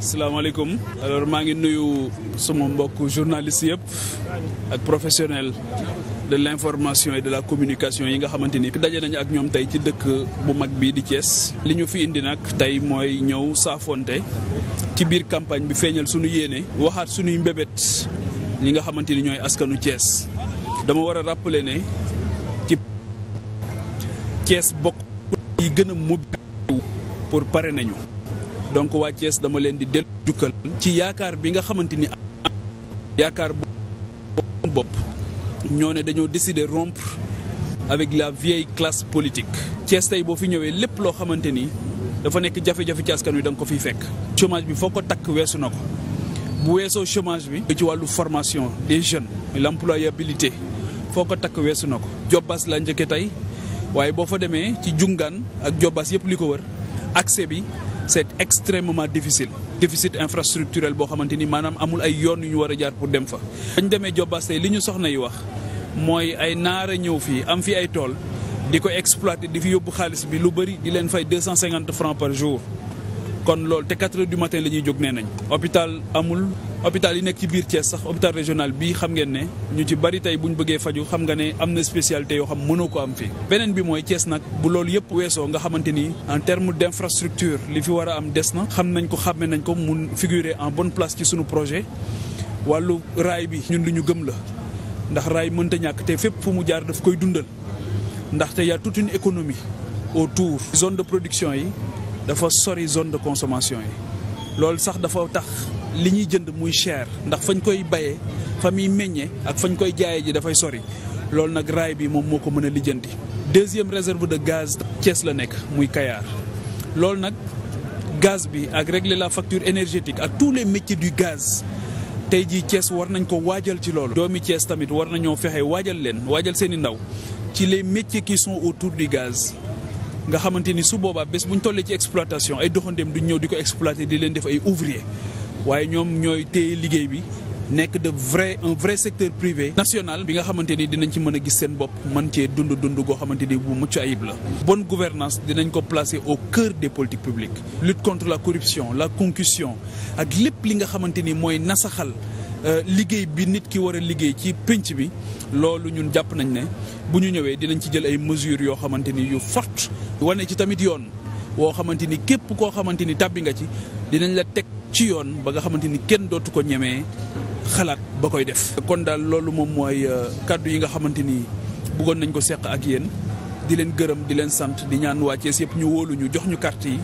salaamaaleykum alors maa ngi nuyu sama mbokk journaliste yëpp ak professionnel de l' information de la communication yi nga xamante ni daje nañu ak ñoom tey ci dëkk bu mag bii di Thiès. li ñu fi indi nag tey mooy ñëw saafonte ci biir campagne bi feeñal suñu yéene waxaat suñuy mbébét ñi nga xamante ni ñooy askanu cees dama war a rappeler ne ci Thiès bokk yi gën a mobiliser pour pare nañu. donc waa Thiès dama leen di dellu jukkal ci yaakaar bi nga xamante ni yaakaar bu bopp ñoo ne dañoo décider rompre avec la vieille classe politique Thiès tey boo fi ñëwee lépp loo xamante ni dafa nekk jafe-jafe ci wi da ko fiy fekk chômage bi foo ko takk weesu na ko bu weesoo chômage bi ci wàllu formation des jeunes l'employabilité foo ko takk weesu na ko jobbaas la njëkke tey waaye boo fa demee ci jungaan ak jobbaas yëpp li ko wër accès bi c'est extrêmement difficile déficit infrastructurel boo xamante ni maanaam amul ay yoon yu ñu war a jaar pour dem fa. dañ demee Jobaas tey li ñu soxna yi wax mooy ay naara ñëw fii am fi ay tool di ko exploiter di fi yóbbu xaalis bi lu bëri di leen fay deux cent cinquante francs par jour kon loolu te quatre heures du matin la ñuy jóg nee nañ hôpital amul. hôpital yi nekk ci biir Thiès sax hôpital régional bi xam ngeen ne ñu ci bari tey bu ñu bëggee faju xam nga ne am na spécialité yoo xam mënoo ko am fi beneen bi mooy Thiès nag bu loolu yëpp weesoo nga xamante ni en terme d' infrastructure li fi war a am des na xam nañ ko xàmme nañ ko mun figurer en bon place ci suñu projet wàllu raay bi ñun lu ñu gëm la ndax raay mënta ñàkk te fépp fu mu jaar dafa koy dundal ndaxte y a toute une économie autour zone de production yi dafa sori zone de consommation yi loolu sax dafa tax li ñuy jënd muy cher ndax fañ koy bayee fa muy meññee ak fañ koy jaayee ji dafay sori loolu nag raay bi moom moo ko mën a lijjanti. deuxième réserve de gaz cees la nekk muy Kayar loolu nag gaz bi ak régler la facture énergétique ak tous les métiers du gaz tey jii Thiès war nañ ko waajal ci loolu. doomi Thiès tamit war nañoo fexe waajal leen waajal seen i ndaw ci les métiers qui sont autour du gaz. nga xamante ni su boobaa bés bu ñu tollee ci exploitation ay ñëw di ko exploiter di leen def ay ouvrier waaye ñoom ñooy téye liggéey bi nekk de vrai un vrai secteur privé national bi nga xamante ni dinañ ci mën a gis seen bopp mën cee dund dund goo xamante ni bu mucc ayib la bonne gouvernance dinañ ko placer au cœur des politiques publiques lutte contre la corruption la concussion ak lépp li nga xamante ni mooy nasaxal euh, liggéey bi nit ki war a liggéey ci pénc bi loolu ñun jàpp nañ ne bu ñu ñëwee dinañ ci jël ay mesures yoo xamante ni yu forte wane ci tamit yoon woo xamante ni képp koo xamante ni tàbbi nga ci dinañ la teg ci yoon ba nga xamante ni kenn dootu ko ñemee xalaat ba koy def. kon daal loolu moom mooy euh, kàddu yi nga xamante ni bëggoon nañ ko seq ak yéen di leen gërëm di leen sant di ñaan waa Thiès ñu wóolu ñu jox ñu carte yi.